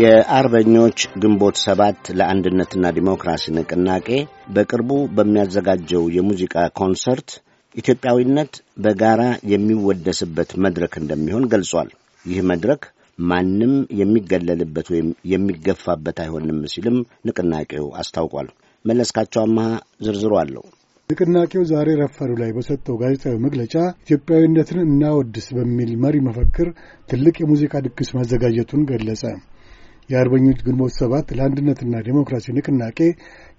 የአርበኞች ግንቦት ሰባት ለአንድነትና ዲሞክራሲ ንቅናቄ በቅርቡ በሚያዘጋጀው የሙዚቃ ኮንሰርት ኢትዮጵያዊነት በጋራ የሚወደስበት መድረክ እንደሚሆን ገልጿል። ይህ መድረክ ማንም የሚገለልበት ወይም የሚገፋበት አይሆንም ሲልም ንቅናቄው አስታውቋል። መለስካቸው አማሃ ዝርዝሩ አለው። ንቅናቄው ዛሬ ረፋዱ ላይ በሰጠው ጋዜጣዊ መግለጫ ኢትዮጵያዊነትን እናወድስ በሚል መሪ መፈክር ትልቅ የሙዚቃ ድግስ ማዘጋጀቱን ገለጸ። የአርበኞች ግንቦት ሰባት ለአንድነትና ዴሞክራሲ ንቅናቄ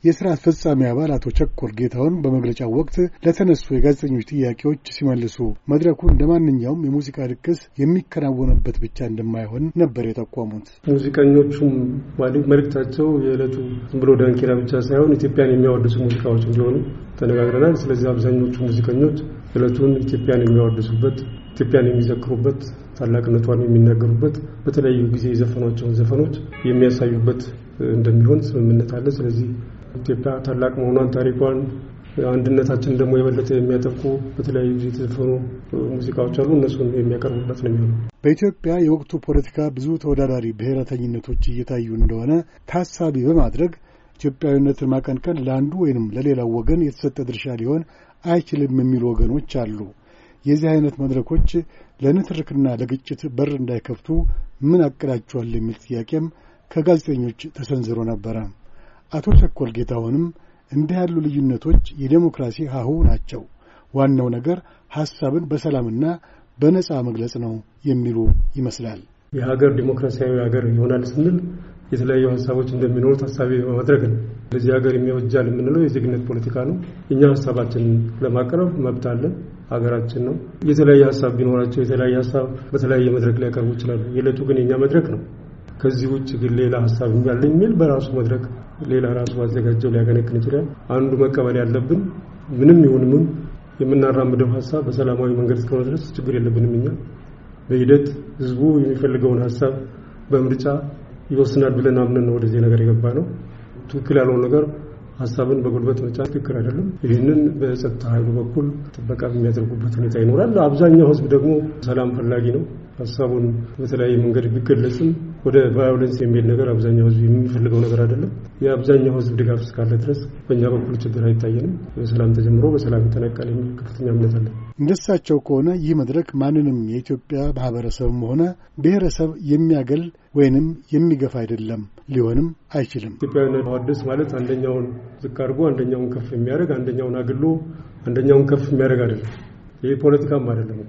የሥራ አስፈጻሚ አባል አቶ ቸኮል ጌታውን በመግለጫው ወቅት ለተነሱ የጋዜጠኞች ጥያቄዎች ሲመልሱ መድረኩ እንደ ማንኛውም የሙዚቃ ድግስ የሚከናወንበት ብቻ እንደማይሆን ነበር የጠቆሙት። ሙዚቀኞቹም መልእክታቸው የዕለቱ ዝም ብሎ ዳንኪራ ብቻ ሳይሆን ኢትዮጵያን የሚያወድሱ ሙዚቃዎች እንዲሆኑ ተነጋግረናል። ስለዚህ አብዛኞቹ ሙዚቀኞች ዕለቱን ኢትዮጵያን የሚያወድሱበት፣ ኢትዮጵያን የሚዘክሩበት ታላቅነቷን የሚናገሩበት በተለያዩ ጊዜ የዘፈኗቸውን ዘፈኖች የሚያሳዩበት እንደሚሆን ስምምነት አለ። ስለዚህ ኢትዮጵያ ታላቅ መሆኗን፣ ታሪኳን፣ አንድነታችን ደግሞ የበለጠ የሚያጠብቁ በተለያዩ ጊዜ የተዘፈኑ ሙዚቃዎች አሉ። እነሱን የሚያቀርቡበት ነው የሚሆነው። በኢትዮጵያ የወቅቱ ፖለቲካ ብዙ ተወዳዳሪ ብሔረተኝነቶች እየታዩ እንደሆነ ታሳቢ በማድረግ ኢትዮጵያዊነትን ማቀንቀን ለአንዱ ወይንም ለሌላው ወገን የተሰጠ ድርሻ ሊሆን አይችልም የሚሉ ወገኖች አሉ። የዚህ አይነት መድረኮች ለንትርክና ለግጭት በር እንዳይከፍቱ ምን አቅዳቸዋል የሚል ጥያቄም ከጋዜጠኞች ተሰንዝሮ ነበረ። አቶ ተኮል ጌታሁንም እንዲህ ያሉ ልዩነቶች የዴሞክራሲ ሀሁ ናቸው፣ ዋናው ነገር ሐሳብን በሰላምና በነጻ መግለጽ ነው የሚሉ ይመስላል። የሀገር ዲሞክራሲያዊ ሀገር ይሆናል ስንል የተለያዩ ሀሳቦች እንደሚኖሩ ታሳቢ በማድረግ ነው። ለዚህ ሀገር የሚወጃል የምንለው የዜግነት ፖለቲካ ነው። እኛ ሀሳባችን ለማቅረብ መብት አለን። ሀገራችን ነው። የተለያየ ሀሳብ ቢኖራቸው የተለያየ ሀሳብ በተለያየ መድረክ ላይ ያቀርቡ ይችላሉ። የዕለቱ ግን የኛ መድረክ ነው። ከዚህ ውጭ ግን ሌላ ሀሳብ እንዳለ የሚል በራሱ መድረክ ሌላ ራሱ ባዘጋጀው ሊያቀነቅን ይችላል። አንዱ መቀበል ያለብን ምንም ይሁንምም የምናራምደው ሀሳብ በሰላማዊ መንገድ እስከሆነ ድረስ ችግር የለብንም። እኛ በሂደት ህዝቡ የሚፈልገውን ሀሳብ በምርጫ ይወስናል ብለን አምነን ነው ወደዚህ ነገር የገባ ነው። ትክክል ያለውን ነገር ሀሳብን በጉልበት መጫን ትክክል አይደለም። ይህንን በጸጥታ ኃይሉ በኩል ጥበቃ የሚያደርጉበት ሁኔታ ይኖራል። አብዛኛው ህዝብ ደግሞ ሰላም ፈላጊ ነው። ሀሳቡን በተለያየ መንገድ ቢገለጽም ወደ ቫዮለንስ የሚል ነገር አብዛኛው ህዝብ የሚፈልገው ነገር አይደለም። የአብዛኛው ህዝብ ድጋፍ እስካለ ድረስ በእኛ በኩል ችግር አይታየንም። በሰላም ተጀምሮ በሰላም ይጠናቀቃል የሚል ከፍተኛ እምነት አለን። እንደሳቸው ከሆነ ይህ መድረክ ማንንም የኢትዮጵያ ማህበረሰብም ሆነ ብሔረሰብ የሚያገል ወይንም የሚገፋ አይደለም፣ ሊሆንም አይችልም። ኢትዮጵያዊና ማዋደስ ማለት አንደኛውን ዝቅ አድርጎ አንደኛውን ከፍ የሚያደርግ አንደኛውን አግሎ አንደኛውን ከፍ የሚያደርግ አይደለም። ይህ ፖለቲካም አይደለም።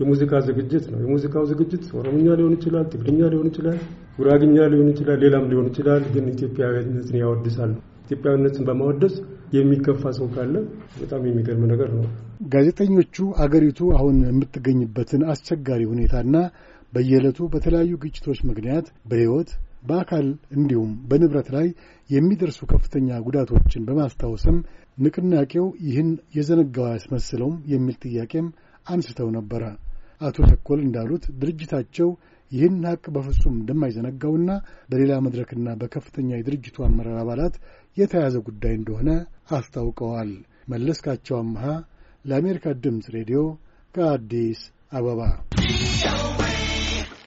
የሙዚቃ ዝግጅት ነው። የሙዚቃው ዝግጅት ኦሮምኛ ሊሆን ይችላል፣ ትግርኛ ሊሆን ይችላል፣ ጉራግኛ ሊሆን ይችላል፣ ሌላም ሊሆን ይችላል። ግን ኢትዮጵያዊነትን ያወድሳሉ። ኢትዮጵያዊነትን በማወደስ የሚከፋ ሰው ካለ በጣም የሚገርም ነገር ነው። ጋዜጠኞቹ አገሪቱ አሁን የምትገኝበትን አስቸጋሪ ሁኔታና በየዕለቱ በተለያዩ ግጭቶች ምክንያት በሕይወት በአካል እንዲሁም በንብረት ላይ የሚደርሱ ከፍተኛ ጉዳቶችን በማስታወስም ንቅናቄው ይህን የዘነጋው አያስመስለውም የሚል ጥያቄም አንስተው ነበረ። አቶ ተኮል እንዳሉት ድርጅታቸው ይህን ሀቅ በፍጹም እንደማይዘነጋውና በሌላ መድረክና በከፍተኛ የድርጅቱ አመራር አባላት የተያዘ ጉዳይ እንደሆነ አስታውቀዋል። መለስካቸው አምሃ ለአሜሪካ ድምፅ ሬዲዮ ከአዲስ አበባ